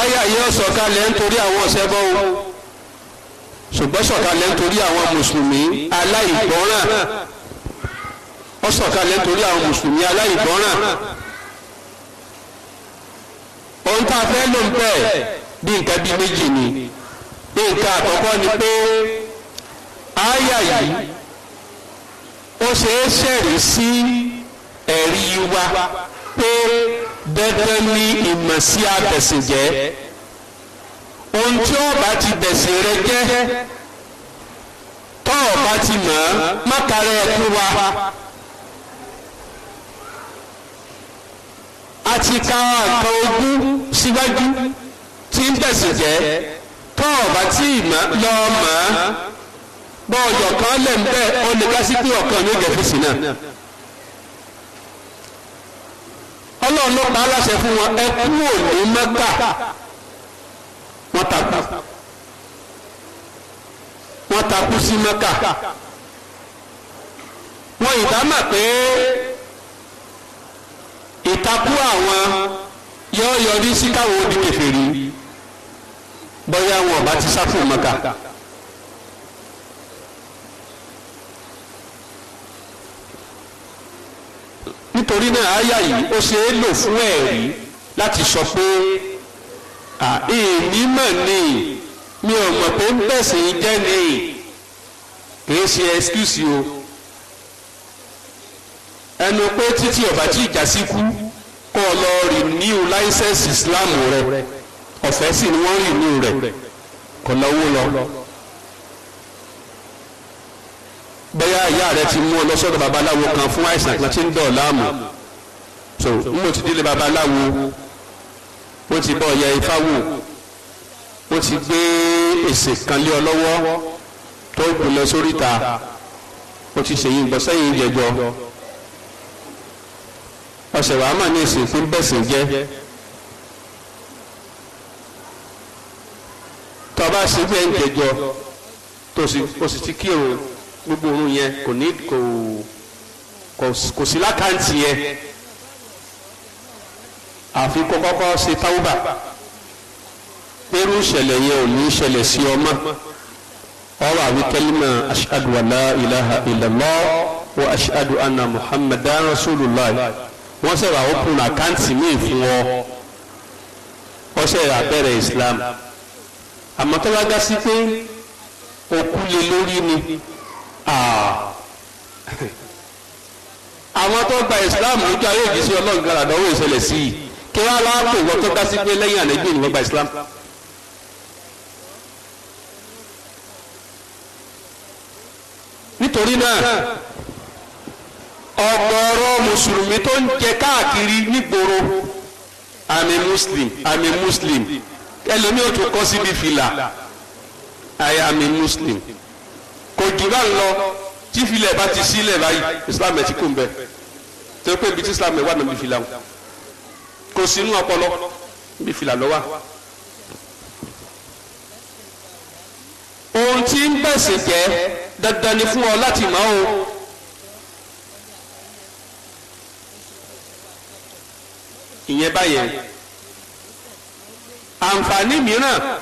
àyà yóò sọ̀kalẹ̀ nítorí àwọn ọ̀sẹ̀bọ o ṣùgbọ́n sọ̀kalẹ̀ nítorí àwọn mùsùlùmí aláìgbọ́ràn ó sọ̀kalẹ̀ nítorí àwọn mùsùlùmí aláìgbọ́ràn ohun tá a fẹ́ ló ń bẹ̀ bí nǹkan bíi méjì ni nǹkan àkọ́kọ́ ni pé àyà yìí ó ṣeé ṣẹ̀rí sí ẹ̀rí wa pé dẹ́dẹ́ ní ìmọ̀ sí abẹ̀sìn jẹ́ ohun tí ó bá ti bẹ̀sìn rẹ jẹ́ tọ́ ọ ti mọ̀ ọ́ mọ́kàrẹ́ ẹ̀kú wa. a ti ka nǹkan ogún síwájú tí ń bẹ̀sìn jẹ́ tọ́ ọ bá ti mọ̀ lọ mọ̀ ọ́ bọ́ọ̀yọ̀ kan lẹ̀ ń bẹ́ẹ̀ ó lè ká pé ọ̀kan yóò jẹ́ fèsì náà. ọlọ́run ló pa aláṣẹ fún wọn ẹ kúrò ní mẹ́kà wọ́n takú wọ́n takú sí mẹ́kà wọ́n ìdámà pé ìtakú àwọn yọ yọrí sí káwọn odi kèfèrí bóyá wọn ọba ti sá fún mẹ́kà. nítorí náà àyà yìí ó ṣe é lò fún ẹ̀rí láti sọ pé èmi mọ̀ ni mi ò mọ̀ pé ń bẹ̀sẹ̀ jẹ́ ni kì í ṣe excuse o ẹnu pé títí ọ̀bà tí ìjà sí kú kọ́ ọ lọ renew license Islam rẹ ọ̀fẹ́ sì ni wọ́n renew rẹ kọ́ lọ́wọ́ lọ. lọ. bẹ́yà ìyá rẹ ti mú ọ lọ sọ́dọ̀ babaláwo kan fún àìsàn kan tí ń dọ̀ láàmú so n mo ti délé babaláwo ó ti bọ́ ọ̀yà ifá wò ó ti gbé èsè kan lé ọ lọ́wọ́ tó gùn lọ sóríta ó ti ṣèyí gbọ́ jẹjọ ọ̀sẹ̀ wàá mà ní èsè fún bẹ́sẹ̀ jẹ́ tọ́ ṣe bẹ́ẹ̀ jẹjọ tó sì ti kírun gbogbo òun yẹn kò ní kò kò sí lákàntì yẹn àfi kó kọ́kọ́ ṣe táwùbà irú ìṣẹ̀lẹ̀ yẹn ò ní ìṣẹ̀lẹ̀ sí ọmọ ọ̀rọ̀ àbí kẹ́límà ashadu ala ilaha illallah wa ashadu anna muhammadan rasulullah wọ́n sẹ̀rọ̀ àwọn open account míì fún ọ wọ́n sẹ̀rọ̀ abẹ́rẹ́ islam àmọ́ pé òkú lé lórí ni. Ah. àwọn tó gba islam lójú ayé òjì sí ọlọ́run gan àdánwò ìṣẹ̀lẹ̀ sí i kí wọ́n á láàpò ìwọ́n tó gásí pé lẹ́yìn àlejò ìwọ́n gba islam. nítorí náà ọ̀gọ̀ọ̀rọ̀ mùsùlùmí tó ń jẹ káàkiri nígboro àmì muslim àmì muslim ẹlòmíì ò tún kọ́ síbi fìlà i am a muslim. muslim jù bá ń lọ tí filẹ̀ bá ti sílẹ̀ báyìí islam ẹ̀ ti kò ń bẹ torí pé ibi tí islam ẹ̀ wà níbi fìlà wọn kò sínú ọpọlọ níbi fìlà lọ́wọ́. ohun tí ń bẹ̀sẹ̀ jẹ́ dandan ni fún ọ láti mọ̀ o. ìyẹn báyẹn àǹfààní mìíràn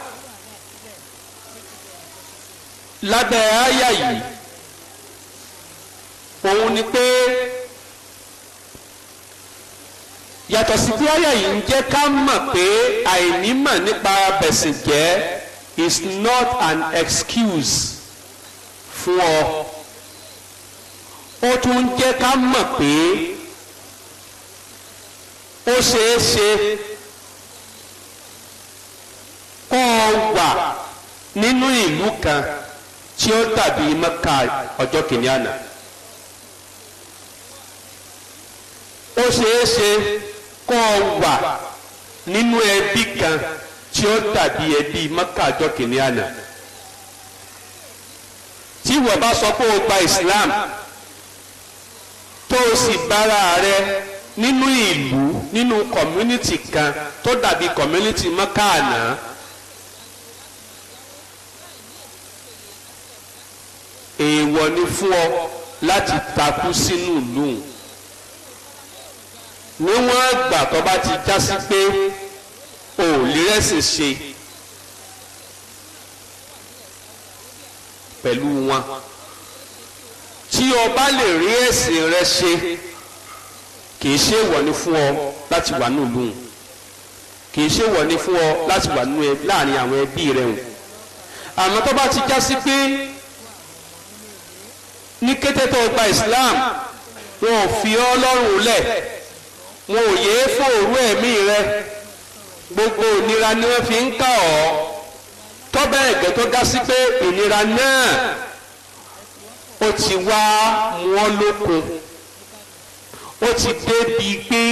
lábẹ́ àyà yìí òun ni pé yàtọ̀ sí pé àyà yìí ń jẹ́ ká mọ̀ pé àìnímọ̀ nípa bẹ̀sìn jẹ́ is not an excuse fún ọ ó tún ń jẹ́ ká mọ̀ pé ó ṣeé ṣe kó o wà nínú ìlú kan. tí ó tàbí mẹ́ka ọjọ́ kìíní àná. ó ṣeé kó o wà nínú ẹbí kan tí ó tàbí ẹbí mẹ́ka ọjọ́ kìíní àná. tí wọ́n bá sọ pé o gba Islam tó o sì bára rẹ nínú ìlú nínú kọ̀múnítì kan tó dàbí kọ̀múnítì mẹ́ka àná. èèwọ̀ ni fún ọ láti takú sínú ìlú níwọ̀n àgbà tó bá ti já pé o ò lè rẹ́sìn ṣe pẹ̀lú wọn tí o bá lè rí ẹ̀sìn rẹ ṣe kì í ṣe èèwọ̀ ni fún ọ láti wà nínú ìlú kì í ṣe èèwọ̀ ni fún ọ láti wà nínú ẹ láàrin àwọn ẹbí rẹ hùn àmọ́ tó bá ti já pé ní kété tó gba Islam wọn ò fi ọ́ lọ́rùn lẹ̀ wọn ò yéé fòrú ẹ̀mí rẹ gbogbo ìnira ni wọ́n fi ń kà ọ́ tọ́bẹ̀ ẹ̀gẹ́ tó dá sí pé ìnira náà ó ti wá mú ọ lókun ó ti débi pé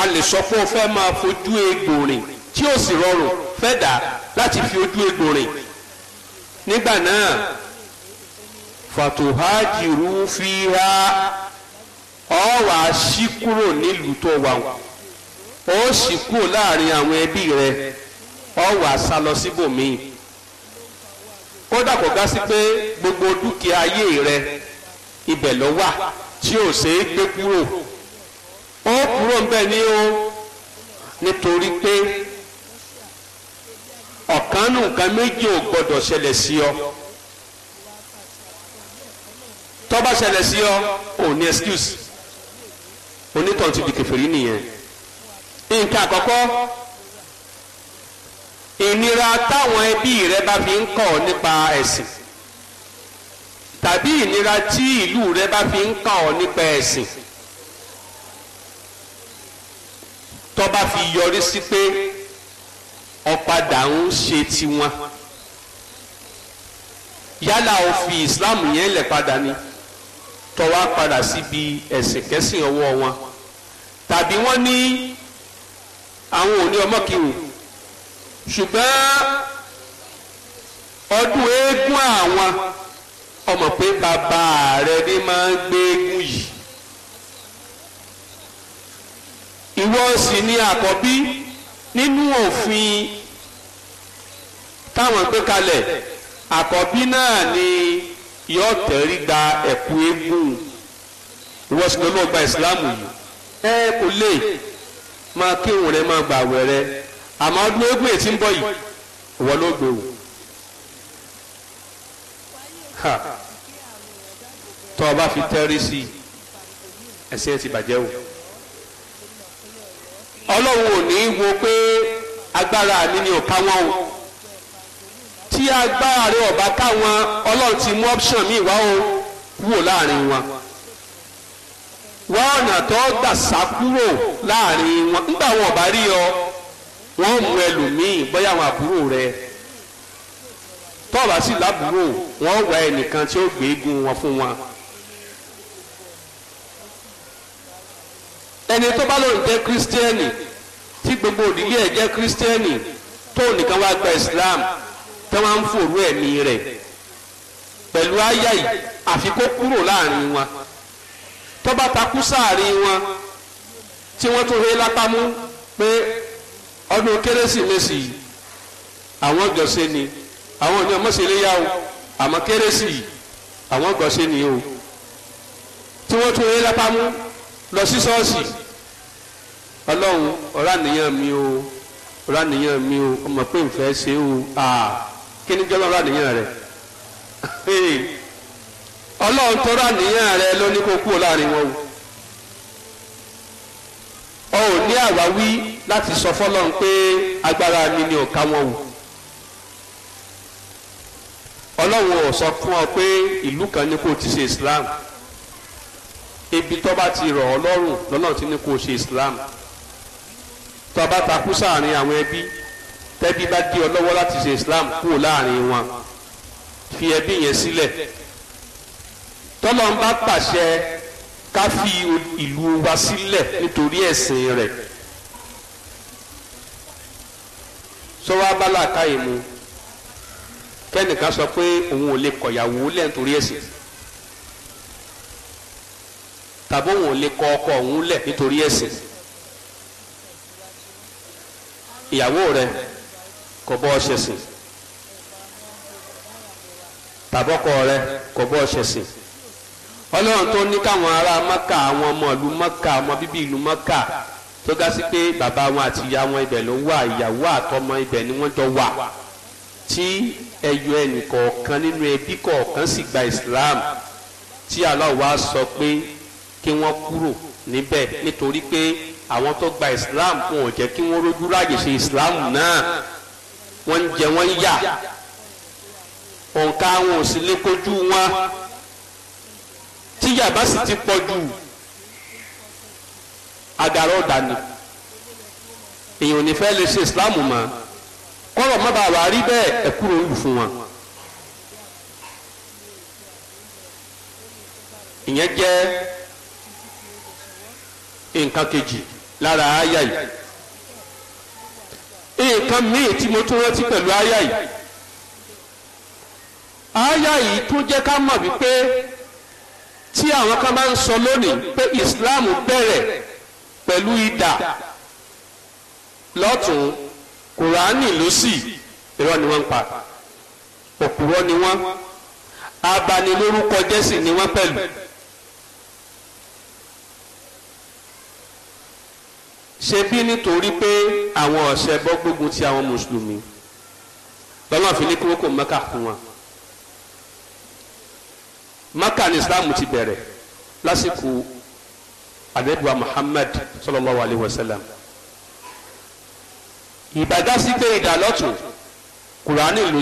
a lè sọ pé o fẹ́ máa fojú egbò rìn tí ó sì rọrùn fẹ́ dà láti fi ojú egbò rìn nígbà náà. fàtòhájìrú fi ha ọ wà á sí kúrò nílùú tó wà ó sì kúrò láàrin àwọn ẹbí rẹ ọ wà á sá lọ síbòmíì kódà kò gá sí pé gbogbo dúkìá ayé rẹ ibẹ̀ ló wà tí ò ṣeé gbé kúrò ó kúrò ń bẹ ní o nítorí pé ọ̀kan nù nǹkan méjì ò gbọdọ̀ ṣẹlẹ̀ sí ọ. tó bá ṣẹlẹ̀ sí ọ ò ní excuse onítàn ti di kèfèrí nìyẹn nǹkan àkọ́kọ́ ìnira táwọn ẹbí rẹ bá fi ń kọ̀ nípa ẹ̀sìn tàbí ìnira tí ìlú rẹ bá fi ń kọ̀ nípa ẹ̀sìn tó bá fi yọrí sí pé ọ̀padà ń ṣe tiwọn yálà ó fi Islam yẹn lẹ̀ padà ni tó wá padà síbi ẹ̀sìnkẹ́sìn ọwọ́ wọn tàbí wọ́n ní àwọn òní ọmọ kìwò ṣùgbọ́n ọdún eégún àwọn ọmọ pé bàbá rẹ ní máa ń gbé eégún yìí ìwọ sì ni àkọ́bí nínú òfin táwọn gbé kalẹ̀ àkọ́bí náà ni. Ni yóò tẹ̀rí da ẹ̀kú eégún ìwọ sì ọgbà yìí ẹ kò lè máa rẹ máa gbà wẹ̀ àmọ́ ọdún eégún ètí ń bọ̀ yìí ìwọ ló gbé tọ́ ọ bá fi tẹ́rí sí i pé agbára mi ni tí agbára rẹ ọ̀bá káwọn ọlọ́run ti mú mi wá o wò láàrin wọn wọ́n ọ̀nà tó gbà sá kúrò láàrin wọn nígbà wọn rí ọ wọ́n mú ẹlòmíì bóyá àwọn rẹ sì lábúrò ẹnìkan tí ó wọn fún wọn. ẹni tó bá gbogbo jẹ́ kírísítẹ́nì nìkan Islam tí wọ́n ń fòrú ẹ̀mí rẹ̀ pẹ̀lú àyà yìí àfi kó kúrò láàrin wọn tó bá takú sáàrin wọn tí wọ́n tún hé lápámú pé ọdún kérésìmesì àwọn gọ̀ọ́sẹ́ ni àwọn ò ní ọmọ sí iléyà o àmọ́ kérésì àwọn gọ̀ọ́sẹ́ ni o tí wọ́n tún hé lápámú lọ sí ṣọ́ọ̀ṣì ọlọ́run ọ̀rá nìyẹn mi o ọ̀rá nìyẹn mi o ọmọ pé n fẹ́ ṣe o àà. Ah kí ni jọba àníyàn rẹ ọlọ́run tó rà níyàn rẹ ló ní kó kúrò láàrin wọn o ò ní àwáwí láti sọ fọlọ́run pé agbára mi ni ò ká wọn o ọlọ́run ò sọ fún ọ pé ìlú kan ní kó ti ṣe Islam ibi tó bá ti rọ̀ ọ́ lọ́rùn lọ́nà tí ní kó ṣe Islam tó bá takú sáàrin àwọn ẹbí tẹ́bí bá dí ọ lọ́wọ́ láti ṣe islam kúrò láàrin wọn fi ẹbí yẹn sílẹ̀ tọ́lọ́n bá pàṣẹ ká fi ìlú wa sílẹ̀ nítorí ẹ̀sìn rẹ̀ sọ́wọ́ abala káyìí mu kẹ́nìkan sọ pé òun ò lè kọ̀yàwó lẹ́yìn nítorí ẹ̀sìn tàbí òun ò lè kọ ọkọ òun lẹ̀ nítorí ẹ̀sìn ìyàwó rẹ̀ kò bọ́ ọṣẹ sìn tàbọ́kọ rẹ kò bọ́ ọṣẹ sìn ọlọ́run tó ní káwọn ará mọ́kà àwọn ọmọ ìlú mọ́kà ọmọ bíbí ìlú mọ́kà tó ga sí pé bàbá wọn àti ìyá wọn ibẹ̀ ló wà ìyàwó àtọmọ ibẹ̀ ni wọ́n jọ wà tí ẹyọ ẹnì nínú ẹbí kọ̀ọ̀kan sì gba Islam tí Allah wá sọ pé kí wọ́n kúrò níbẹ̀ nítorí pé àwọn tó gba Islam wọn ò jẹ́ kí wọ́n rójú ráàyè ṣe Islam náà wọ́n ń jẹ wọ́n ń yà òǹkà wọn ò sì lè kojú wọn tíyà bá sì ti pọ̀ jù agarọ́ dànù èèyàn ò ní fẹ́ lè ṣe islam mọ́ kọ́rọ̀ má bàa wà rí bẹ́ẹ̀ ẹ kúrò ń lù fún wọn. ìyẹn jẹ́ nǹkan kejì lára àyà yìí nǹkan míì tí mo tún rántí pẹ̀lú àyà yìí àyà yìí tún jẹ́ ká mọ̀ wípé tí àwọn kan bá ń sọ lónìí pé Islam bẹ̀rẹ̀ pẹ̀lú idà lọ́tún Kùránì lọ́sì irọ́ ni wọ́n ń pa òkúrọ́ ni wọ́n abanilórúkọ jẹ́sìn ni wọ́n pẹ̀lú. ṣe bí nítorí pé àwọn ọ̀sẹ̀ bọ́ gbógun ti àwọn mùsùlùmí lọ́nà fi ní kí wọ́n kò mẹ́kà fún wa mẹ́kà ní islam ti bẹ̀rẹ̀ lásìkò adébúwa muhammad sallallahu alayhi wa sallam ìbàdásí pé ìdálọ́tún kùránì ló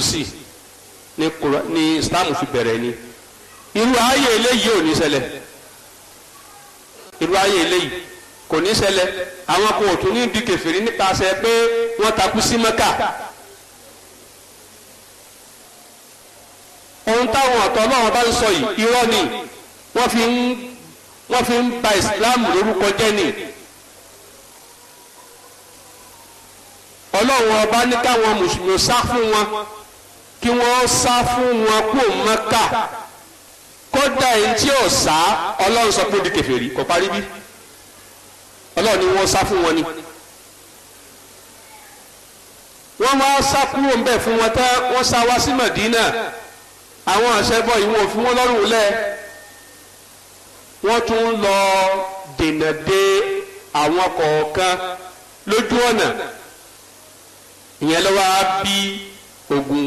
ní islam fi bẹ̀rẹ̀ ni irú ayé eléyìí ò ní ṣẹlẹ̀ irú ayé eléyìí kò ní ṣẹlẹ̀ àwọn kò tún ní di kèfèrí nípasẹ̀ pé wọ́n takú sí Mẹ́kà ohun táwọn ọ̀tọ̀ náà bá ń sọ yìí irọ́ ni wọ́n fi ń wọ́n fi ń ba Islam lórúkọ jẹ́ ni ọlọ́run ọba ní káwọn mùsùlùmí sá fún wọn kí wọ́n sá fún wọn kó Mẹ́kà kódà ẹni tí ò sá ọlọ́run sọ pé ó di kèfèrí kò parí bí ọlọ́run ni wọ́n sá fún wọn ni wọ́n wá sá kúrò ń bẹ̀ fún wọn tán wọ́n sá wá sí Mẹ̀dínà àwọn àṣẹbọ ìwọ̀n fún wọn lọ́rùn lẹ̀ wọ́n tún lọ dènà dé àwọn kọ̀ọ̀kan lójú ọ̀nà ìyẹn ló wá bí ogun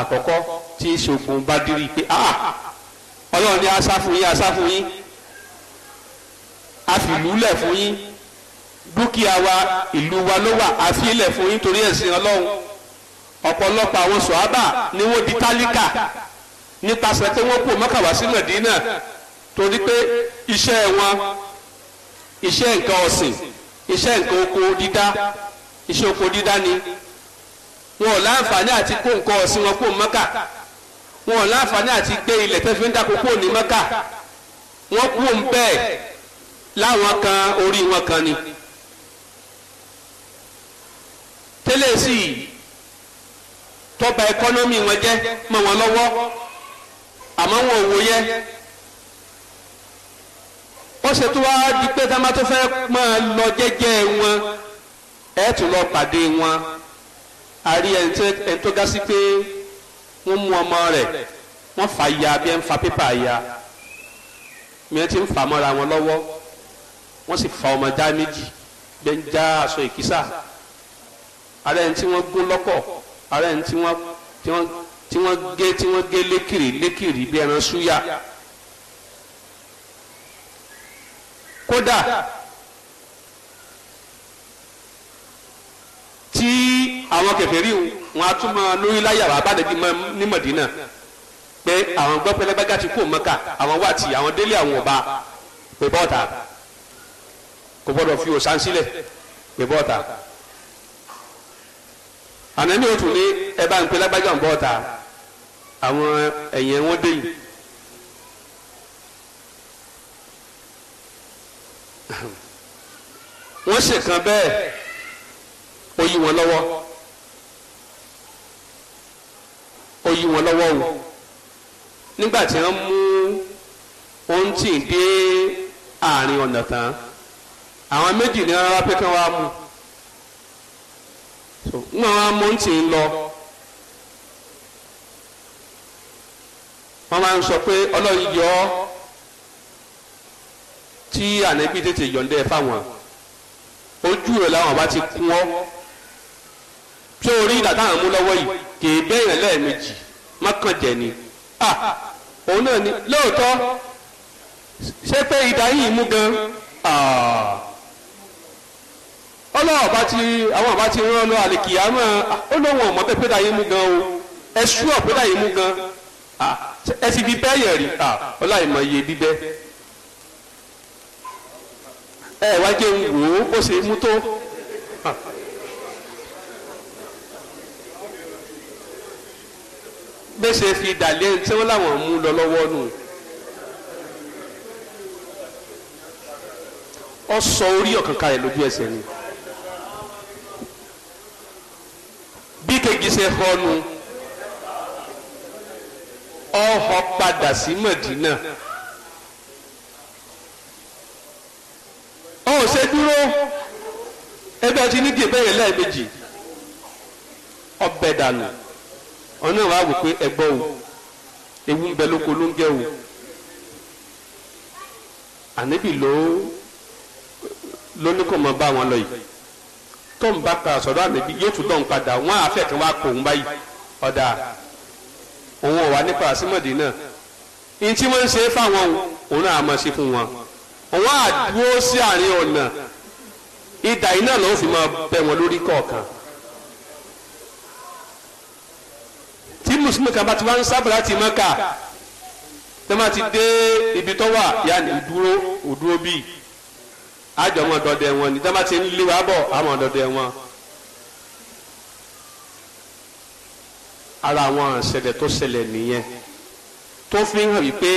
àkọ́kọ́ tí í ṣogun Bádírì pé ah ọlọ́run ni a sá fún yín a sá fún yín a fìlú lẹ̀ fún yín dúkìá wa ìlú wa ló wà àfilẹ̀ fún yín torí ẹ̀sìn ọlọ́run ọ̀pọ̀lọpọ̀ àwọn sọ̀hábà ni wọ́n di tálíkà nípasẹ̀ pé wọ́n kú Mọ́kà wá sí Mẹ̀dínà torí pé iṣẹ́ wọn iṣẹ́ nǹkan ọ̀sìn iṣẹ́ nǹkan oko dídá iṣẹ́ oko dídá ni wọn ò láǹfààní àti kó nǹkan ọ̀sìn wọn kú Mọ́kà wọn ò láǹfààní àti gbé ilẹ̀ tẹ́ ń dáko kúrò ní Mọ́kà wọ́n kú bẹ́ẹ̀ láwọn kan orí wọn kan ni. tẹ́lẹ̀ sí i tọ́ba ẹkọ́nọ́mì wọn jẹ́ mọ́ wọn lọ́wọ́ àmọ́ wọn ò wò yẹ ó ṣe tó wáá di pé tá a máa tó fẹ́ máa lọ jẹ́jẹ́ wọn ẹ̀ tún lọ pàdé wọn àrí ẹni pé wọ́n mú ọmọ rẹ̀ wọ́n fà ya bí ẹ fa pépà ya mìíràn ti ń fà mọ́ra wọn lọ́wọ́ wọ́n sì fa ọmọ já méjì bẹ́ẹ̀ ń já aṣọ ìkísà ara ẹni tí wọ́n gún lọ́kọ̀ ara ẹni tí wọ́n tí wọ́n tí wọ́n gé tí wọ́n gé lékiri lékiri bí ẹran súyà kódà tí àwọn kèfèrí wọn a tún máa lórí láyà wà bá dẹbi ní Mọ̀dínà pé àwọn gbọ́ pẹlẹgbẹ́gà ti kú Mọ́kà àwọn wà tí àwọn délé àwọn ọba pé bọ́ọ̀ta kò gbọ́dọ̀ fi òsán sílẹ̀ pé bọ́ọ̀ta àná ní òtún ní ẹ bá ń pe lágbájá ń bọ́ ta àwọn ẹ̀yìn wọn dé yìí. wọ́n ṣèkan bẹ́ẹ̀ ó yí wọn lọ́wọ́ ó yí wọn lọ́wọ́ o nígbà tí wọ́n mú ohun tí ń dé àárín ọ̀nà tán àwọn méjì ní rárá pé kí wọ́n á mú un so nínú àwọn amóhùntì ń lọ wọ́n máa ń sọ pé ọlọ́run yọ ọ́ tí ànábì tètè yọ̀ǹda fáwọn ojú rẹ̀ làwọn bá ti kún ọ́ tí orí ìdá táwọn mú yìí kì í lẹ́ẹ̀mejì mọ́kànjẹ́ ni òun náà ni lóòótọ́ ṣé pé ìdá yìí mú gan-an ọlọ́wọ́ bá ti àwọn ọba ti rán lọ àlìkìyàmọ́ ó lóun ọ̀mọ́ pé pédà yín mú gan o ẹ sú ọ̀ pédà yín mú gan ẹ ti fi bẹ́ẹ̀yẹ̀ rí ọláìmọ̀ iye bíbẹ́ ẹ wá jẹ́ ń wò ó bó ṣe mú tó. bẹ́sẹ̀ fi dàlẹ́ tí wọ́n láwọn mú lọ lọ́wọ́ nù. ọ sọ orí ọ̀kan kalẹ̀ lójú ẹsẹ̀ ni. ṣe kọnu ọ̀họ́ padà sí Mẹ̀dínà ọ̀hún ṣe dúró ẹgbẹ́ ọtí ní gèbéyè lẹ́ẹ̀mejì ọbẹ̀ dànù ọ̀nà wa wò pé ẹgbọ́ o ewu ń bẹ lóko ló ń gẹ o ànábì ló ló ní kò mọ bá wọn lọ yìí tó ń bá padà sọ̀dọ̀ ànábì yóò tún dọ̀n padà wọ́n àfẹ́ kan wá kó òun báyìí ọ̀dà òun ọ̀wà nípa àsímọ̀dé náà ní tí wọ́n ń ṣe fáwọn òun náà máa ṣe fún wọn òun á sí àárín ọ̀nà ìdà iná lọ́wọ́ fi máa bẹ wọn lórí kọ̀ọ̀kan tí mùsùlùmí kan bá ti wá ń sábà láti mọ́kà tẹ́ máa ti dé ibi tó wà yá ni ìdúró òdúró bíi àjọmọ dọdẹ wọn ní dábàá ti ń lé wa bọ àmọ́ dọdẹ wọn. ara àwọn àṣẹlẹ̀ tó ṣẹlẹ̀ nìyẹn tó fi hàn wípé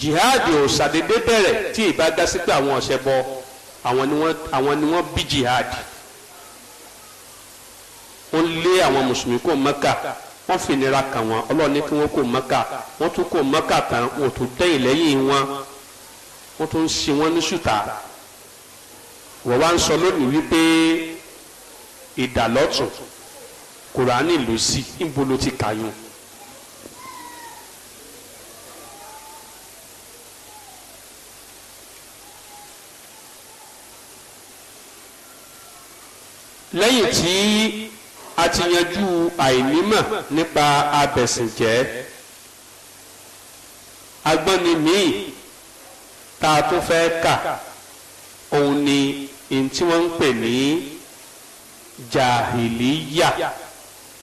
jihad ò ṣàdédé bẹ̀rẹ̀ tí ìbá dá sí pé àwọn ọ̀sẹ̀ bọ àwọn ni wọ́n bí jihad wọ́n lé àwọn mùsùlùmí kó mọ́kà wọ́n fìnira kàn wọ́n ọlọ́ọ̀ni kí wọ́n kó mọ́kà wọ́n tún kó mọ́kà tán wọ́n tún dẹ́yìn lẹ́yìn wọn wọ́n tún ń ṣe wọ́n ní ṣùtà wọ́n wá ń sọ lónìí wípé ìdàlọ́tún kùránì ló sí níbo ló ti kàyún. lẹ́yìn tí a ti yanjú àìnímọ̀ nípa abẹ̀sìnjẹ́ agbọ́ni míì tá a tó fẹ́ kà òun ni èyí wọ́n ń pè ní jahiliya.